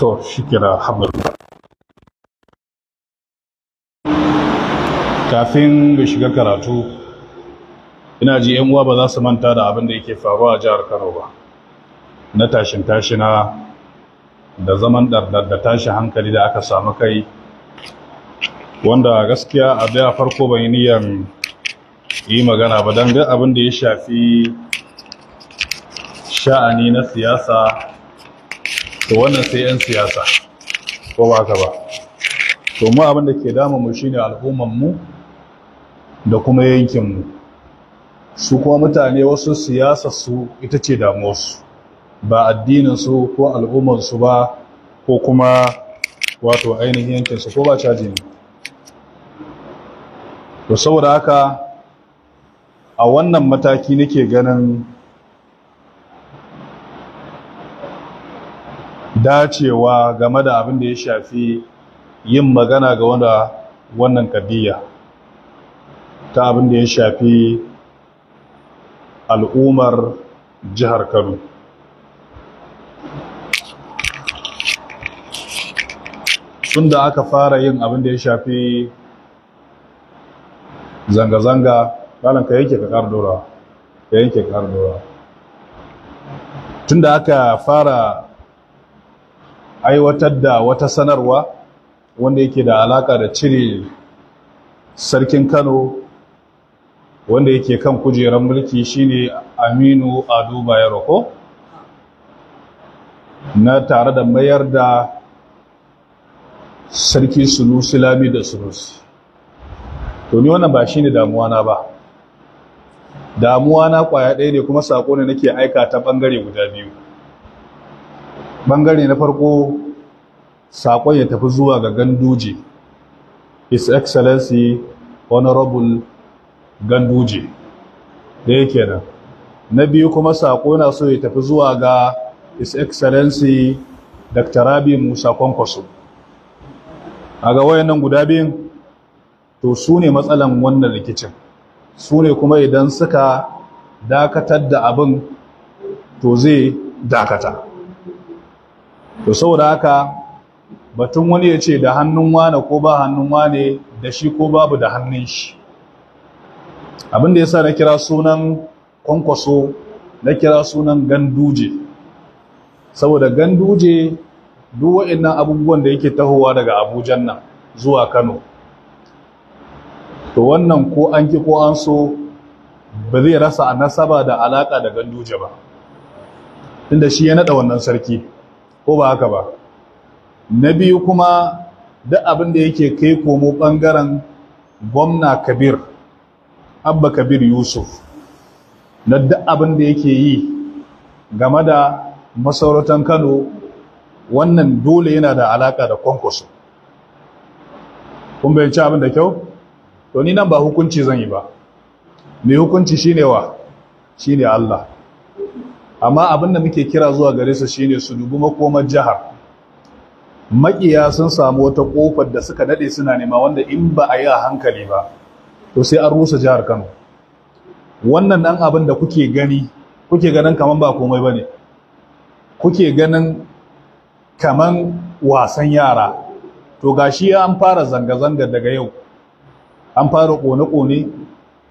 to shi kira alhamdulillah kafin ga shiga karatu ina ji yan uwa ba za su manta da abin da yake faruwa a jihar Kano ba na tashin tashina da zaman dardar da tashi hankali da aka samu kai wanda gaskiya a daya farko ban yi niyan yi magana ba don abin da ya shafi sha'ani na siyasa to wannan sai 'yan siyasa ko ba ka ba to mu abin da ke dama mu shine al'umman mu da kuma yankin mu su kuma mutane wasu siyasa su ita ce damuwarsu ba addinin su ko al'umman su ba ko kuma wato ainihin yankin su ko ba caji ne to saboda haka a wannan mataki nake ganin dacewa game da abin da ya shafi yin magana ga wanda wannan kadiyya ta abin da ya shafi al'ummar jihar Kano. Tun da aka fara yin abin da ya shafi zanga-zanga, ka yake ka ƙar dorawa, ka yanke ƙar dorawa. Tun da aka fara aiwatar da wata sanarwa wanda yake da alaka da cire sarkin Kano wanda yake kan kujerar mulki shine Aminu Ado Bayero ko na tare da mayar da sarki Sunusi Lami da Sunusi to ni wannan ba ne damuwa na ba damuwa na kwaya ɗaya ne kuma sako ne nake aika ta ɓangare guda biyu bangare na farko saƙon ya tafi zuwa ga ganduje his excellency honorable ganduje da yake nan na biyu kuma saƙo na so ya tafi zuwa ga his excellency dr rabi musa kwankwaso a ga wayannan guda biyun to su ne matsalan wannan rikicin su ne kuma idan suka dakatar da abin to zai dakata to saboda haka batun wani ya ce da hannun wane ko ba hannun wane da shi ko babu da hannun shi abin da ya sa na kira sunan kwankwaso na kira sunan ganduje saboda ganduje duk waɗannan abubuwan da yake tahowa daga abujan nan zuwa kano to wannan ko an ki ko an so ba zai rasa a nasaba da alaƙa da ganduje ba inda shi ya naɗa wannan sarki ko ba haka ba na biyu kuma duk abin da yake kai komo bangaren gwamna kabir abba kabir yusuf na duk abin da yake yi game da masauratan kano wannan dole yana da alaka da kwankwaso kun bayanci abin da kyau to ni nan ba hukunci zan yi ba mai hukunci shine wa shine allah amma abin da muke kira zuwa gare su shine su dubi makomar jihar makiya sun samu wata kofar da suka dade suna nema wanda in ba a yi a hankali ba to sai an rusa jihar Kano wannan dan abin da kuke gani kuke ganin kaman ba komai bane kuke ganin kaman wasan yara to gashi an fara zanga-zanga daga yau an fara kone-kone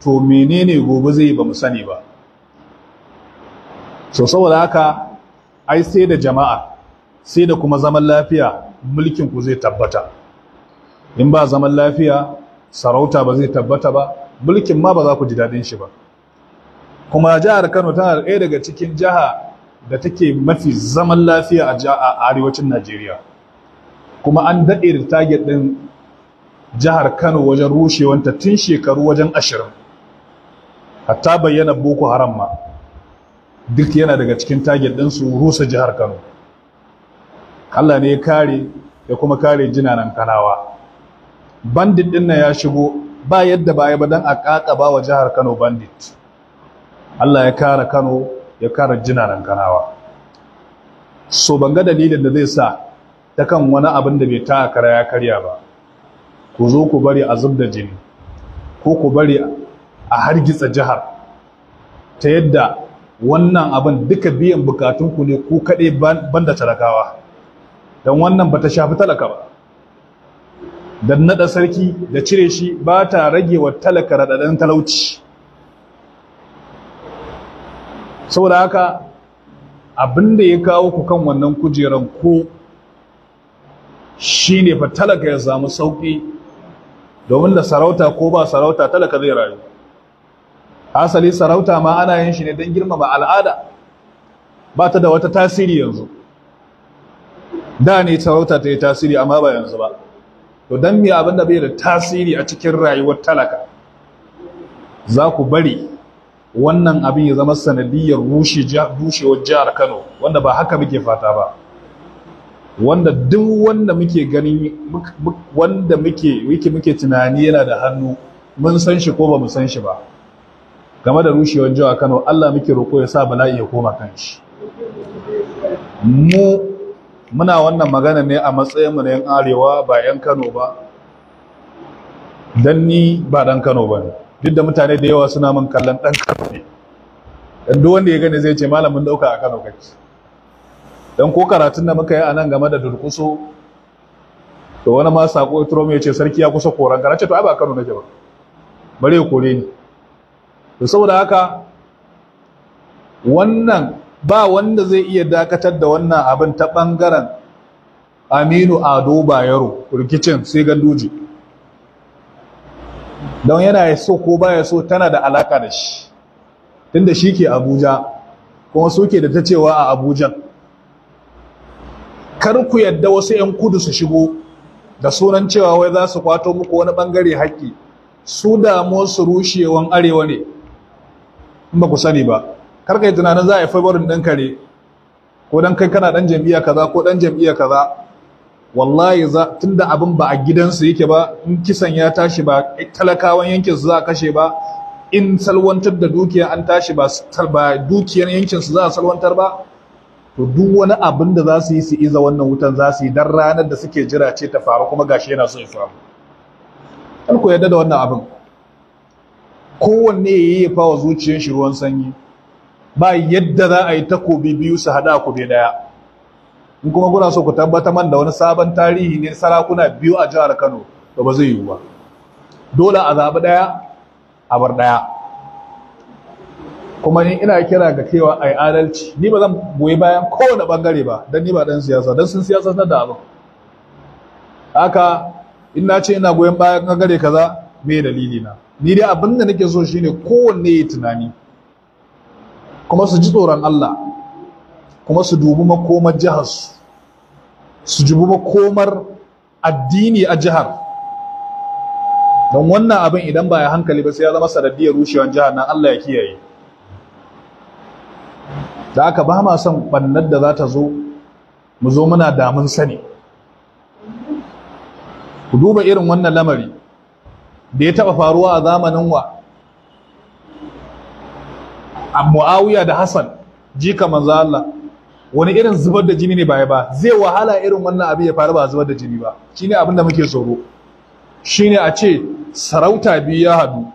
to menene gobe zai ba mu sani ba so saboda haka ai sai da jama'a sai da kuma zaman lafiya mulkin ku zai tabbata in ba zaman lafiya sarauta ba zai tabbata ba mulkin ma ba za ku ji daɗin shi ba kuma jihar Kano tana ɗaya daga cikin jiha da take mafi zaman lafiya a a arewacin Najeriya kuma an daɗe da target ɗin jihar Kano wajen rushewanta tun shekaru wajen ashirin hatta bayyana Boko Haram ma duk yana daga cikin target ɗin su rusa jihar Kano Allah ne ya kare ya kuma kare jinanan Kanawa bandit din nan ya shigo ba yadda ba ya ba dan a ƙaƙaba wa jihar Kano bandit Allah ya kare Kano ya kare jinanan Kanawa so ban ga dalilin da zai sa ta kan wani abin da bai ta kara ya karya ba ku zo ku bari a zub da jini ko ku bari a hargitsa jihar ta yadda wannan abin duka biyan bukatunku ne ko kaɗai banda talakawa don wannan ba ta shafi talaka ba don naɗa sarki da cire shi ba ta rage wa talaka raɗaɗen talauci saboda haka abin da ya kawo ku kan wannan kujeran ko shi ne fa talaka ya samu sauƙi domin da sarauta ko ba sarauta talaka zai rayu hasali sarauta ma ana yin shi ne don girmama al'ada ba ta da wata tasiri yanzu da ne sarauta ta yi tasiri amma ba yanzu ba to don mi abin da bai da tasiri a cikin rayuwar talaka za ku bari wannan abin ya zama sanadiyar rushewar jihar kano wanda ba haka muke fata ba wanda duk wanda muke gani wanda muke muke tunani yana da hannu mun san shi ko ba mu san shi ba game da rushewar jiwa Kano Allah muke roƙo ya sa bala'i ya koma kan shi mu muna wannan magana ne a matsayin mu na yan arewa ba yan Kano ba dan ni ba dan Kano ba ne duk da mutane da yawa suna min kallon dan Kano ne duk wanda ya gani zai ce malamin dauka a Kano kake dan ko karatun da muka yi a nan game da durkuso to wani ma sako ya turo mai ce sarki ya kusa koran ka ce to ai ba Kano nake ba bare kore ne. to saboda haka wannan ba wanda zai iya dakatar da wannan abin ta ɓangaren aminu ado bayero rikicin sai ganduji don yana ya so ko ba ya so tana da alaka da shi tunda shi ke abuja kuma ke da ta cewa a Abuja. kar ku yadda wasu 'yan kudu su shigo da sunan cewa wai za su kwato muku wani ɓangare haƙƙi su damuwa su rushewan arewa ne in ba ku sani ba kar ka tunanin za a yi favorin ɗan kare ko dan kai kana ɗan jam'iyya kaza ko ɗan jam'iyya kaza wallahi za tunda abin ba a gidansu yake ba in kisan ya tashi ba talakawan yankin su za a kashe ba in salwantar da dukiya an tashi ba ba dukiyar yankin su za a salwantar ba to duk wani abin da za su yi su iza wannan wutan za su yi dan ranar da suke jira ce ta faru kuma gashi yana so ya faru kar ku yarda da wannan abin kowanne ya yi yayyafa wa zuciyar shi ruwan sanyi ba yadda za a yi takobi biyu su hada ku daya in kuma kuna so ku tabbata man da wani sabon tarihi ne sarakuna biyu a jihar Kano to ba zai yiwu ba dole a zaɓi daya a bar daya kuma ni ina kira ga cewa ai adalci ni ba zan goyi bayan kowane bangare ba dan ni ba dan siyasa dan sun siyasa na da abin haka in na ce ina goyon bayan bangare kaza me dalili na ni dai abin da nake so shine kowanne ya tunani kuma su ji tsoron Allah kuma su dubi makomar jihar su su dubi makomar addini a jihar don wannan abin idan ba ya hankali ba sai ya zama sanadiyar rushewar jihar nan Allah ya kiyaye da aka ba ma son bannar da za ta zo mu zo muna damun sani ku duba irin wannan lamari da ya taɓa faruwa a zamanin wa a mu'awiya da hassan jika manzo Allah wani irin zubar da jini ne baya ba zai wahala irin wannan abin ya faru ba zubar da jini ba shine abin da muke tsoro shine a ce sarauta biyu ya hadu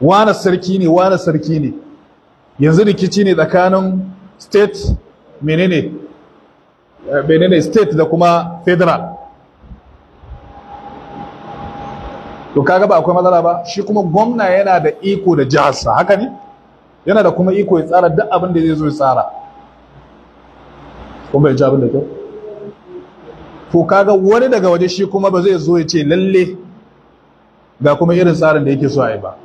wane sarki ne wane sarki ne yanzu rikici ne tsakanin state menene eh, menene state da kuma federal to kaga ba akwai matsala ba shi kuma gwamna yana da iko da jiharsa haka ne yana da kuma iko ya tsara duk abin da zai zo ya tsara kuma bai ji abin da kyau to kaga wani daga waje shi kuma ba zai zo ya ce lalle ga kuma irin tsarin da yake so a yi ba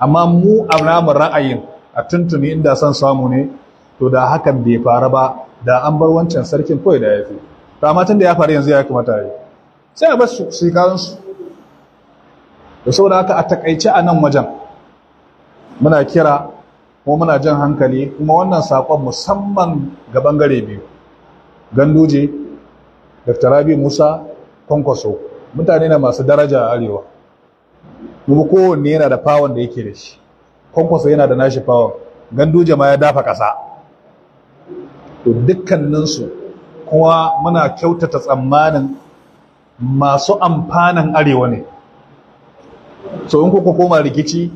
amma mu a namu ra'ayin a tuntuni inda son samu ne to da hakan bai fara ba da an bar wancan sarkin kawai da ya fi to amma tun da ya faru yanzu ya kamata ya yi sai a bar su su yi karansu da saboda haka a takaice a nan wajen muna kira ko muna jan hankali kuma wannan saƙon musamman ga ɓangare biyu ganduje dr rabi musa kwankwaso mutane na masu daraja a arewa kuma kowanne yana da fawon da yake da shi kwankwaso yana da nashi fawon ganduje ma ya dafa ƙasa to dukkaninsu kuma muna kyautata tsammanin masu amfanin arewa ne so in kuka koma rikici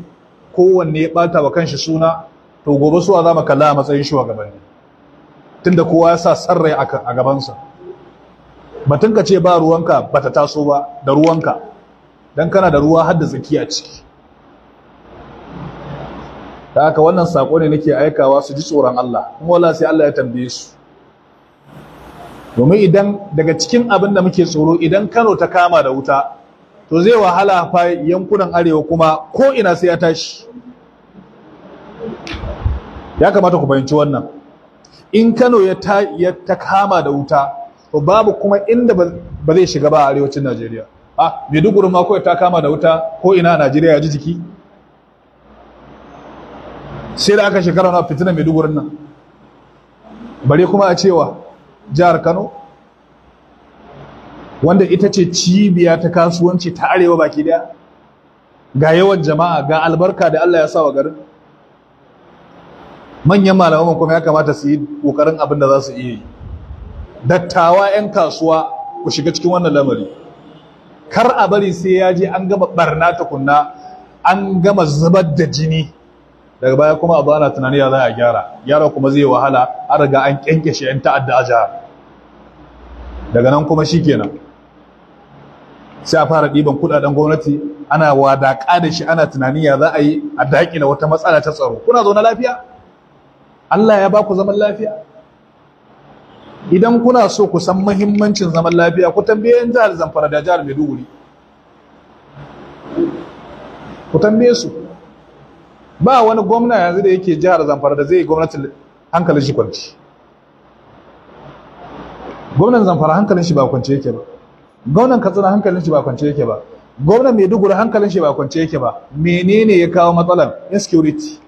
kowanne ya bata wa kanshi suna to gobe suwa za mu kalla a matsayin shugabanni tunda kowa ya sa sarrai a gabansa batun ka ce ba ruwanka ba ta taso ba da ruwanka dan kana da ruwa har da tsaki a ciki ta haka wannan sako ne nake aikawa su ji tsoron Allah kuma wala sai Allah ya tambaye su domin idan daga cikin abin da muke tsoro idan Kano ta kama da wuta to zai wahala fa yankunan arewa kuma ko ina sai ya tashi ya kamata ku fahimci wannan in Kano ya ta ya ta kama da wuta to babu kuma inda ba zai shiga ba a arewacin Najeriya a Maiduguri ma ko ta kama da wuta ko ina Najeriya ya ji jiki sai da aka shekara na fitina Maiduguri nan bare kuma a cewa jihar Kano wanda ita ce cibiya ta kasuwanci ta arewa baki daya ga yawan jama'a ga albarka da Allah ya sa wa garin manyan malaman kuma ya kamata su yi kokarin abin da za su iya yi dattawa 'yan kasuwa ku shiga cikin wannan lamari kar a bari sai ya je an gama barna kunna, an gama zubar da jini daga baya kuma abu ana tunani ya za a gyara gyara kuma zai wahala an riga an kyankyashe 'yan ta'adda a jihar daga nan kuma shikenan sai a fara ɗiban kuɗaɗen gwamnati ana wadaƙa da shi ana tunanin ya za a yi a daƙina wata matsala ta tsaro kuna zaune lafiya Allah ya ba ku zaman lafiya idan kuna so ku san muhimmancin zaman lafiya ku tambaye yan jihar Zamfara da jihar Maiduguri ku tambaye su ba wani gwamna yanzu da yake jihar Zamfara da zai gwamnatin hankalin shi kwanci gwamnan Zamfara hankalin shi ba kwance yake ba gwamnan katsina hankalin shi ba kwance yake ba gwamnan maiduguri hankalin shi ba kwance yake ba menene ya kawo matsalar insecurity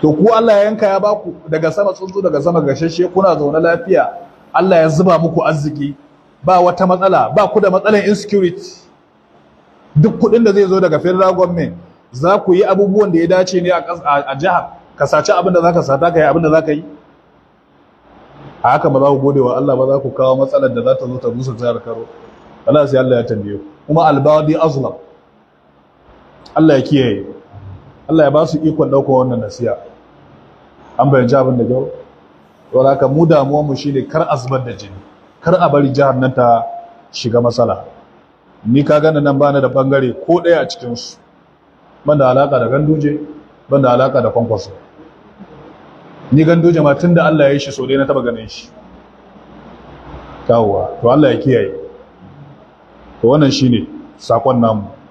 to ku Allah ya yanka ya baku daga sama tsuntsu daga sama gashashe kuna zaune lafiya Allah ya zuba muku arziki ba wata matsala ba ku da matsalar insecurity duk kuɗin da zai zo daga federal government za ku yi abubuwan da ya dace ne a jihar ka saci abin da za ka sata ka yi abin da za ka yi a haka ba za ku gode wa Allah ba za ku kawo matsalar da za ta zo ta musu jihar karo Allah sai Allah ya tambaye ku kuma albadi azlam Allah ya kiyaye Allah ya ba su ikon ɗaukar wannan nasiya an bayyana abin da gau Wala haka mu damuwa mu shine kar a zubar da jini kar a bari jihar nan ta shiga matsala ni ka gane nan bana da bangare ko ɗaya a cikinsu ban da alaka da ganduje ban da alaka da kwankwaso ni gando jama'a tun da Allah ya yi shi so dai na taba ganin shi yawwa to Allah ya kiyaye to wannan shine sakon namu